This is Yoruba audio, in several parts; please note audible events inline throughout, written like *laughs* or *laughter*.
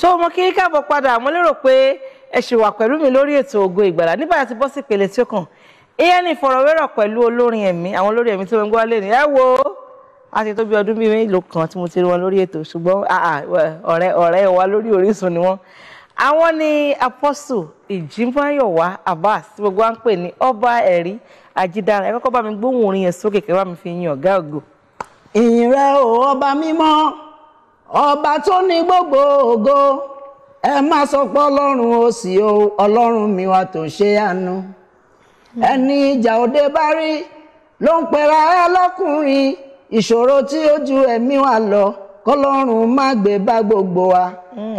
tó mo kí káàbọ̀ padà mo lérò pé ẹ ṣì wà pẹ̀lú mi lórí ètò Ògo Ìgbàlà nígbà tí bọ́ sí ìpele tí ó kàn ìyẹn ni ìfọ̀rọ̀wérọ̀ pẹ̀lú olórin ẹ̀mí àwọn olórin ẹ̀mí tí mo ń gbọ́ lé ẹ wo a ti tó ọdún bíi mélòó kan tí mo ti rí wọn lórí ètò ṣùgbọ́n ọ̀rẹ́ ọ̀rẹ́ wa lórí Orísun ni wọ́n àwọn ni Apostle Ìjímáyọ̀wá Abbas tí gbogbo wa ń pè ní ọba ẹ̀rí ajídára ẹ kọ́kọ́ bá mi gbóhùn orin yẹn sókè kẹ́ bá mi fi yin ọ̀gá ògo. ìrẹ́ ò ọba mímọ́ ọba tó ní gbogbo ògo ẹ má sọ pé ọlọ́run ó sì o ọlọ́run mi wá tó ṣe àánú ẹni ìjà òde bá rí ló ń pera ẹ lọ́kùnrin ìṣòro tí ó ju ẹ̀mí wa lọ kọlọ́run má gbé bá gbogbo wa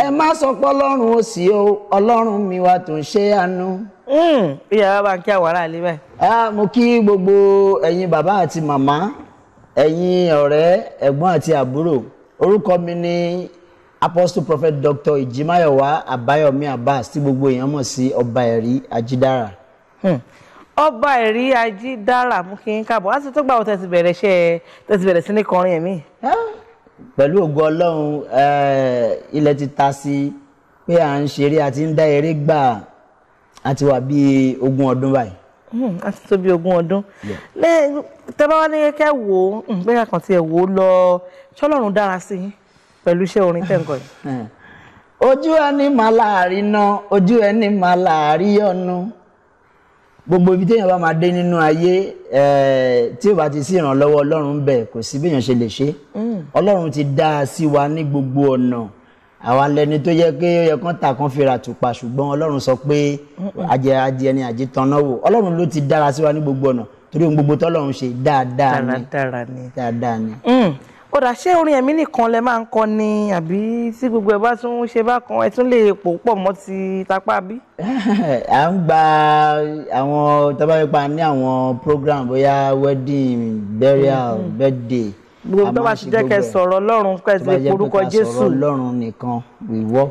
ẹ má sọ pé ọlọ́run ó sì o ọlọ́run mi wá tó ṣe àánú. Hmm, ìyàrá bá ń kí àwárà lé bẹ́ẹ̀. mo kí gbogbo ẹ̀yin bàbá àti màmá ẹ̀yin ọ̀rẹ́ ẹ̀gbọ́n àti àbúrò orúkọ mi ni apostle prophet doctor ìjímáyọ̀wá àbáyọ̀mí abbas tí gbogbo èèyàn mọ̀ sí ọba ẹ̀rí ajídára. Hmm. ọba ẹ̀rí ajídára mú kí n káàbọ̀ láti tó gbà wọ́n tẹ̀sí bẹ̀rẹ̀ ṣe tẹ̀sí bẹ̀rẹ̀ sí ní kọrin ẹ̀mí. pẹ̀lú ògo ọlọ́run ilẹ̀ ti ta sí pé à ń ṣeré àti ń dá eré gbà àti wà bíi ogún ọdún báyìí. Hmm, a ti tó bí ogún ọdún tẹ́bá wá ní kẹ́ wò ó bẹ́ẹ̀ hmm, kàn tiẹ̀ wò ó lọ ṣọ́lọ́run dára sí i pẹ̀lú iṣẹ́ orin tẹ̀ǹkọ̀ yìí. ojú ẹni máa láàrin náà ojú ẹni máa láàrin ọ̀nà gbogbo ibi téèyàn bá máa dé nínú ayé tí ò bá ti sí ìrànlọ́wọ́ ọlọ́run bẹ̀ kò sí béèyàn ṣe lè ṣe hmm. ọlọ́run ti dá a sí wa ní gbogbo ọ̀nà àwa lẹni tó yẹ pé ó yẹ kán ta kan fira tùpà ṣùgbọ́n ọlọ́run sọ pé ajẹ adìẹ ni àjẹ tanná wò ọlọ́run ló ti dára sí wa ní gbogbo ọ̀nà torí ohun gbogbo tọ́lọ́run ṣe dáadáa ni dáadáa ni. Hmm. ó dà ṣé orin ẹ̀mí nìkan lẹ máa ń kọ ni àbí tí gbogbo ẹ̀ bá tún ṣe bákan ẹ tún lè pò pọ̀ mọ́ ti tapá bí. *laughs* à ń gba àwọn tábàbí pa ní àwọn program bóyá wedding burial hmm. birthday gbogbo tó bá ṣe jẹ́ kẹ́ sọ̀rọ̀ ọlọ́run kẹ́ sì jésù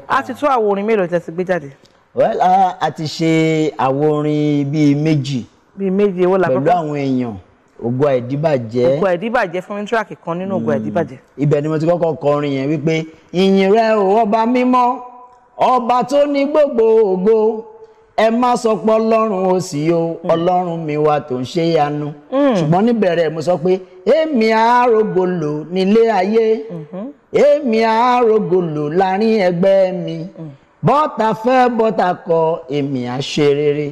a ti tún àwo mélòó tẹ́ ti gbé jáde. well a ti ṣe àwo orin bíi méjì. bíi méjì èwo la kọ́kọ́ pẹ̀lú àwọn èèyàn ògo àìdíbàjẹ́. ògo àìdíbàjẹ́ fún mi kan nínú ògo hmm. àìdíbàjẹ́. ibẹ̀ ni mo ti kọ́kọ́ kọrin yẹn wípé ìyìn rẹ o ọba mímọ́ ọba tó ní gbogbo ògo ẹ má sọ pé ọlọ́run ò sí o hmm. ọlọ́run mi wà tó ń ṣe yanu hmm. ṣùgbọ́n níbẹ̀rẹ̀ mo sọ pé èmi àárògolo nílé ayé hmm. èmi àárògolo láàrin ẹgbẹ́ mi bọ́tà fẹ́ bọ́tà kọ èmi àṣe rere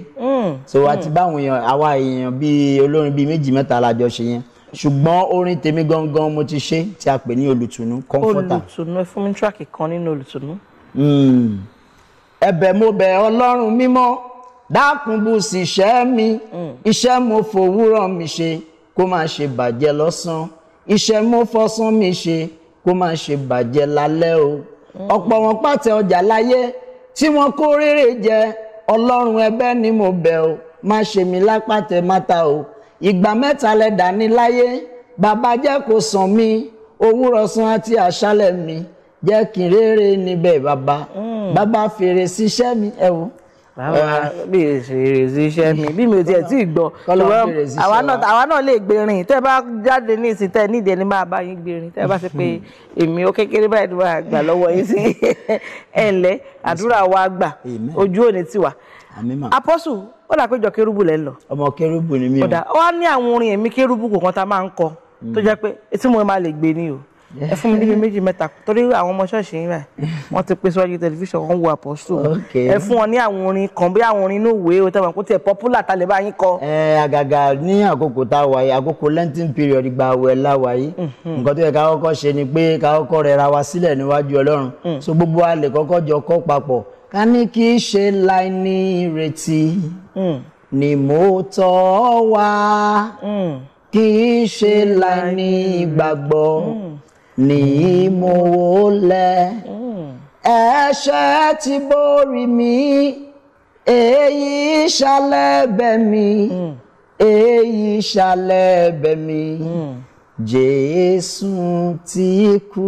so àti báwọn èèyàn àwa èèyàn bíi olórin bíi méjì mẹ́ta la jọ ṣe yẹn ṣùgbọ́n orin tèmi gangan mo ti ṣe tí a pè ní olùtùnú comforter olùtùnú ẹ fún mi tíráàkì kan nínú olùtùnú ẹ̀bẹ̀ mo bẹ̀ ọlọ́run mímọ́ dákun bù sí iṣẹ́ mi mm. iṣẹ́ mo fòwúrọ̀ mi ṣe kó má ṣe bàjẹ́ lọ́sàn iṣẹ́ mo fọ̀sán mi ṣe kó má ṣe bàjẹ́ lálẹ́ o mm. ọ̀pọ̀ wọn pàtẹ ọjà láyé tí wọ́n kó rere jẹ ọlọ́run ẹ̀bẹ̀ ni mo bẹ̀ o má ṣe mi lápàtẹ mátà o ìgbà mẹ́ta lẹ dání láyé bàbá jẹ́ kó sàn mí òwúrọ̀ sàn àti àṣálẹ́ mi jẹ́ kí n rere níbẹ̀ bàbá hmm. bàbá fèrè síṣẹ́ mi ẹ wo báwa bí eh, èrè ṣiṣẹ́ mi bí mi ò tiẹ̀ tí ì gbọ́ àwa náà lè gbèrin tẹ́ bá jáde ní ìsìn tẹ́ nídìí ẹni máa bá yín gbèrin tẹ́ bá ṣe pé *laughs* èmi ó kékeré báyìí ló máa gbà lọ́wọ́ yín sí *laughs* ẹ̀ǹlẹ́ àdúrà wa gbà ojú òní tiwa apọ́sù ó dà pé ìjọ kérúbù lẹ́ ń lọ. ọmọ kérúbù ni mí o. ó wá ní àwọn orin èmi kérúbù kọ̀ọ̀kan tá a máa ń kọ tó hmm. jẹ́ pé tí mo máa lè gbé ni o ẹ fún mi níbi méjì mẹ́ta torí àwọn ọmọ ṣọ́ọ̀ṣì yín rẹ̀ wọ́n ti pèsè ọjọ́ tẹlifíṣàn wọ́n wo àpọ̀sù ẹ fún wọn ní àwọn orin kan bí àwọn orin inú ìwé o tẹ̀wọ̀n kó tiẹ̀ popular ta lè kọ. ẹ àgàgà ní àkókò tá a wà àkókò lẹ́ńtìn period gba àwẹ̀ láwa yìí mhm. nǹkan tó yẹ ká kọ́kọ́ ṣe ni pé ká kọ́kọ́ rẹ̀ ra wa sílẹ̀ níwájú Ọlọ́run mhm. so gbogbo wa lè jọ kọ́ papọ̀ ká ní kí ṣe láì ìrètí mhm. ni mo tọ́ wa kì í ṣe láì ìgbàgbọ́ ní mo wò lẹ mm. ẹ̀ṣẹ̀ ti borí mi èyí ṣalẹ̀ bẹ̀ mí mm. èyí ṣalẹ̀ bẹ̀ mí mm. Jésù ti kú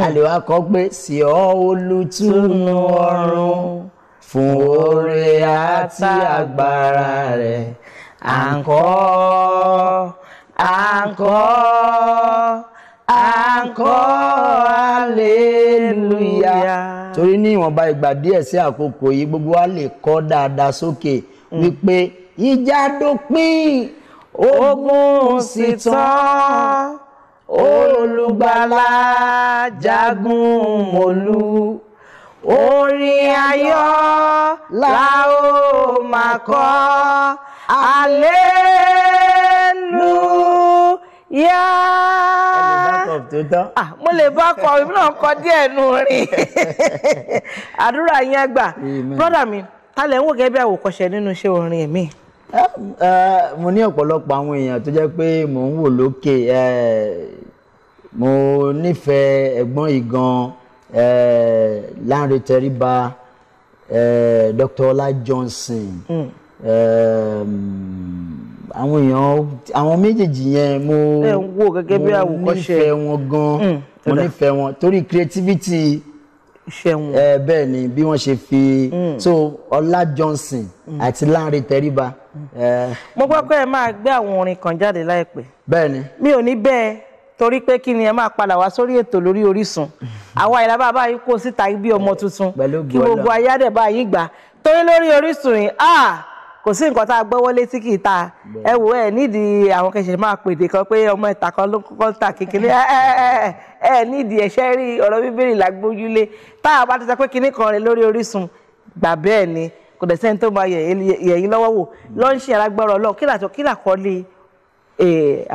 àlèwà kọ pé sí ọ olùtùnú ọ̀run fún oore àti agbára rẹ̀ à ń kọ́ à ń kọ́ ń Alleluia. hallelujah torí ní ìwọ̀nba ìgbà díẹ̀ sí àkókò yìí gbogbo wa lè kọ́ dáadáa sókè mm. wípé ìjà dópin ogun sì tán olùgbàlà jagun mọ́lú orin ayọ̀ la ó máa kọ hallelujah rap tó tán. mo lè bá kọ ìbí náà kọ díẹ̀ nù rìn *laughs* àdúrà yẹn gbà brọ́dà mi ta lẹ̀ ń wò gẹ́gẹ́ bí àwòkọ́ṣe nínú iṣẹ́ orin mi. Ah, ah, mo ní ọ̀pọ̀lọpọ̀ àwọn èèyàn tó jẹ́ pé mò ń wò lókè eh, mo nífẹ̀ẹ́ ẹ̀gbọ́n ìgan eh, Lánrè Tẹríba eh, Dr. Ọlá Johnson. Hmm. Ehm, àwọn èèyàn àwọn méjèèjì yẹn mo wo gẹ́gẹ́ bí àwòkọ́ṣe mo nífẹ̀ẹ́ wọn gan mm, mo nífẹ̀ẹ́ wọn torí creativity iṣẹ́ wọn ẹ bẹ́ẹ̀ ni bí wọ́n ṣe fi mm. so Ọlá Johnson mm. àti Lanre Tẹríba. mo gbọ́ pé ẹ máa gbé àwọn orin kan jáde láìpẹ́. bẹ́ẹ̀ ni. mi ò ní bẹ́ẹ̀ torí pé kí ni ẹ máa padà wá sórí ètò lórí Orísun *laughs* àwa ìlàbà báyìí kó síta bí ọmọ tuntun kí gbogbo ayé àdẹ̀ báyìí gbà torí lórí Orísun yìí ah kò sí nǹkan tá a gbọ́wọ́ létí kì í ta ẹ wò ẹ nídìí àwọn kẹsẹ̀ máa pèdè kan pé ọmọ ìta kan ló kọ́kọ́ ta kékeré ẹ ẹ ẹ nídìí ẹ̀ṣẹ́ rí ọ̀rọ̀ bíbélì lágbójúlé tá a bá ti sọ pé kinní kan rẹ lórí Orísun gbà bẹ́ẹ̀ ni kò dẹ̀ sẹ́ni tó máa yẹ̀ yín lọ́wọ́ wò hmm. lọ́ńṣì alágbára ọlọ́run kí làtọ̀ kí làkọ́lé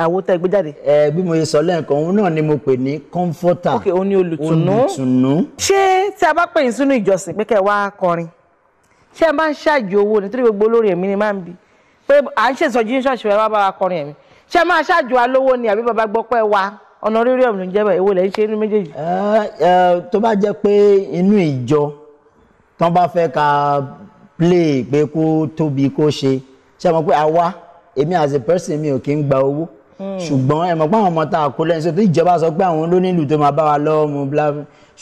àwo tẹ́ gbé jáde. ẹ bí mo ṣe sọ lẹ́ẹ̀kan òun náà ni mo pè ní comforter. ok òun ni olùtùnú. olùtùnú. ṣé tí a bá pè yín sínú ìjọsìn pé kẹ́ ẹ wá kọrin ṣé ẹ máa ń ṣáàjì owó nítorí gbogbo olórí ẹ̀mí ni máa ń bi pé à ń ṣèṣọ́jú ṣọ́ọ̀ṣì rẹ̀ wá bá wa kọrin ẹ̀mí ṣé ẹ máa ṣáàjì wa lówó ni àbí bàbá gbọ́ pẹ́ wa ọ̀nà rírì ọ̀nà ìjẹ́bẹ̀ èwo lẹ̀ ń ṣe inú méjèèjì. tó bá jẹ́ pé inú ìjọ tán bá fẹ́ ka play pé kó tóbi kó ṣe ṣé ẹ mọ̀ pé àwa èmi as a person mi ò kí ń gba owó hmm. ṣùgbọ́n ẹ mọ̀ pé àwọn ọmọ tá a kó lẹ́yìn sọ́tún ìjọba sọ pé àwọn ló nílùú tó máa bá wa lọ́wọ́ mu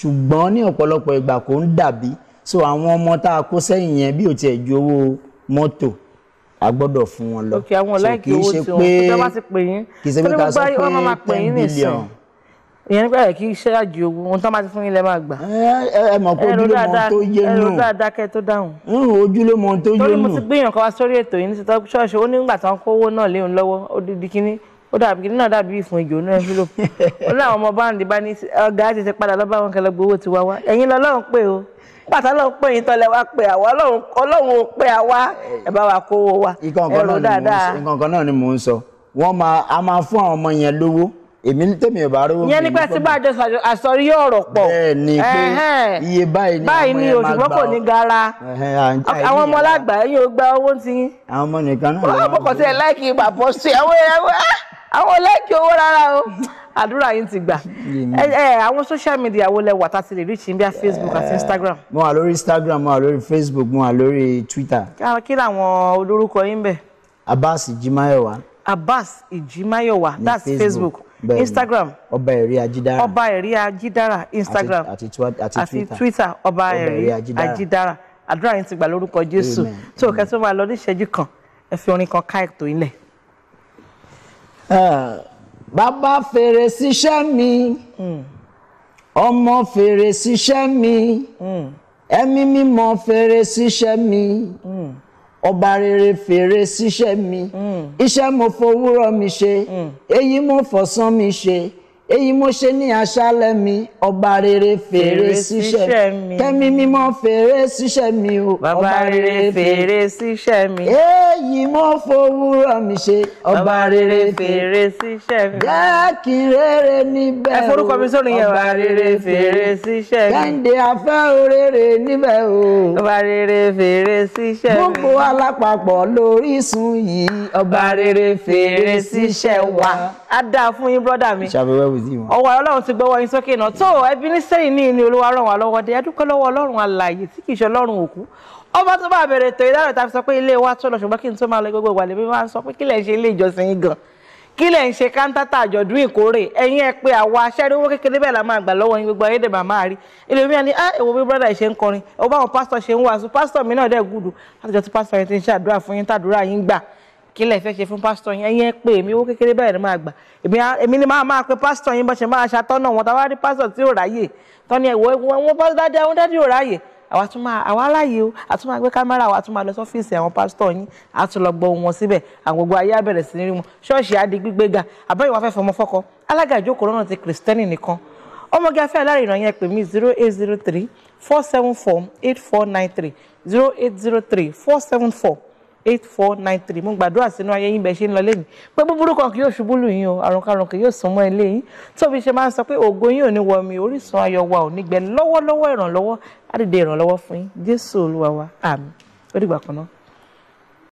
ṣùgbọ́n ní ọ̀pọ̀lọpọ̀ ìgbà kò ń dàbí so àwọn ọmọ tá a kó sẹ́yìn yẹn bí ò tiẹ̀ ju owó mọ́tò a gbọ́dọ̀ fún wọn lọ òkè àwọn láìkí owó tí wọn tó bá ti pè yín kì í ṣe pé ká sọ pé ten billion ìyẹn nígbà yẹn kì í ṣe àjò owó ohun tó máa ti fún yín lẹ máa gbà. ẹ mọ̀ pé ojúlé tó yé nù ẹ̀rọ dáadáa kẹ́ tó dáhùn. ojúlé mọ tó yé nù. torí mo ti gbìyànjú kan wá sórí ètò yìí ní ṣọ́ọ̀ṣì ó nígbà tí wọ́n kó owó náà léun lọ́wọ́ odidi kínní ó dàbí nínú dàbí ìfún ìjò náà fúlò ó láwọn ọmọ báńdì bá ní ọgá ti ti padà lọ́ba àwọn kẹlẹ́gbẹ́ owó ti wá wá ẹ̀yin lọ́lọ́run pé o pàtàkì lọ́run pé yín tọ́lẹ̀ wá pé àwa ọlọ́run ò pé àwa ẹ̀ bá wa kówó wa ẹ̀rọ dáadáa. ìkànkan náà ni mò ń sọ wọ́n máa a máa fún àwọn ọmọ yẹn lówó èmi tèmi ò bá rówó. yẹn nípa tí bá a jọ àsọrí ọ̀rọ̀ pọ̀. bẹ́ẹ̀ ni pé iye báyìí ni àwọn ọmọ yẹn máa gbà báyìí ni òṣùpọ̀ kò ní gara àwọn ọmọ lágbàá yóò gba owó ti yín. àwọn ọmọ nìkan náà lọ́wọ́. wọ́n á bọ̀kọ̀ sí ẹ̀ láìkì ìbàbọ̀ sí àwọn ẹ̀rọ àwọn lẹ́kì owó rárá o àdúrà yín ti gbà àwọn social media wo lẹ wà tá ti lè rí ṣì ń facebook àti instagram. mo wà lórí instagram mo wà lórí facebook mo wà lórí twitter. kí làwọn olórúkọ yín bẹ̀. abbas ijimayowa. abbas ijimayowa that's facebook. instagram ọba ẹ̀rí ajídára ọba ẹ̀rí ajídára instagram àti twitter ọba ẹ̀rí ajídára àdúrà yín ti gbà lórúkọ jésù tó kẹ́ tó máa lọ ní ìṣẹ́jú kan ẹ fi orin kan ká ètò ilẹ̀. Eh, bàbá fèrè síṣẹ́ mi hmm. ọmọ fèrè síṣẹ́ mi hmm. ẹ̀mí mímọ́ fèrè síṣẹ́ mi hmm. ọba rere fèrè síṣẹ́ mi iṣẹ́ mo fowúrọ̀ mi ṣe èyí mo fọ̀sán mi ṣe èyí mo ṣe ní aṣálẹ̀ mi ọba rere fèrè síṣẹ́ mi kẹ́mi mímọ́ fèrè síṣẹ́ mi o ọba rere fèrè síṣẹ́ mi èyí mo fowúrọ̀ mi ṣe ọba rere fèrè síṣẹ́ mi jẹ́ kí n rere níbẹ̀ o ọba rere fèrè síṣẹ́ mi kẹ́ńdé afẹ́ orere níbẹ̀ o ọba rere fèrè síṣẹ́ mi gbogbo alápapọ̀ lórísun yìí ọba rere fèrè síṣẹ́ wa á dáa fún yín brọ́dà mi sí wọn. ọwọ́ ọlọ́run ti gbọ́wọ́ yín sókè náà tó ẹbí ní sẹ́yìn ní ìní olúwa ràn wá lọ́wọ́ dé adúpẹ́ lọ́wọ́ ọlọ́run alààyè tí kì í ṣe ọlọ́run òkú ọba tó bá bẹ̀rẹ̀ ètò ìdárò tá a fi sọ pé ilé wa tó lọ ṣùgbọ́n kí n tó máa lọ gbogbo ìwà lèmi máa ń sọ pé kílẹ̀ ń ṣe ilé ìjọsìn yín gan kílẹ̀ ń ṣe kántátà àjọ̀dún ìkórè ẹ̀yin ẹ pé àwa aṣẹ́rí kékeré bẹ́ẹ̀ la máa gbà lọ́wọ́ yín gbogbo ayédè màmá rí ilé omi àní ah èwo bí brọ́dà ṣe ń kọrin èwo báwọn pásítọ̀ ṣe ń wàásù pásítọ̀ mi náà dẹ̀ gùdù látọjọ́ tí pásítọ̀ yẹn ti ń ṣàdúrà fún yín tàdúrà yín gbà kí lẹ fẹ́ ṣe fún pásítọ̀ yín ẹ̀yin ẹ pé èmi owó kékeré bẹ́ẹ̀ ni máa gbà èmi ni máa máa pe pásítọ̀ yín bó ṣe máa ṣàtọ́nà wọn táwa rí pásítọ̀ tí ò ráyè tọ́ni ẹ̀wọ̀ wọn bá dáadé àwọn dáadé ò ráyè àwa tún máa àwa aláyè o a tún máa gbé kámẹ́rà wa a tún máa lọ sọ́fíìsì àwọn pásítọ̀ yín a tún lọ gbọ́ ohùn wọn síbẹ̀ àwọn gbogbo ayé á bẹ̀rẹ̀ sí ní rí wọn ṣọ́ọ̀ṣì á di gbígbé ga àbẹ́yẹ̀wò afẹ́ fọmọ fọ́kọ alága ìjókòó lọ́nà ti kìrìsìtẹ́nì nìkan ọmọge afẹ́ alárìnrìn yẹn pè mí zero eight zero three four seven four eight four nine three zero eight zero three four seven four eight four nine three mo gbàdúrà sínú ayé yín bẹ́ẹ̀ ṣe ń lọ lẹ́nu pé búburú kan kì yóò ṣubú lù yín o àrùn karùn kì yóò sún mọ́ ilé yín tóbi ṣe máa ń sọ pé ògo yín ò ní wọ mi orísun ayọ̀ wa ò ní gbẹ lọ́wọ́lọ́wọ́ ìrànlọ́wọ́ á ìrànlọ́wọ́ fún yín jésù olúwa wa àmín ó dìgbà kan náà.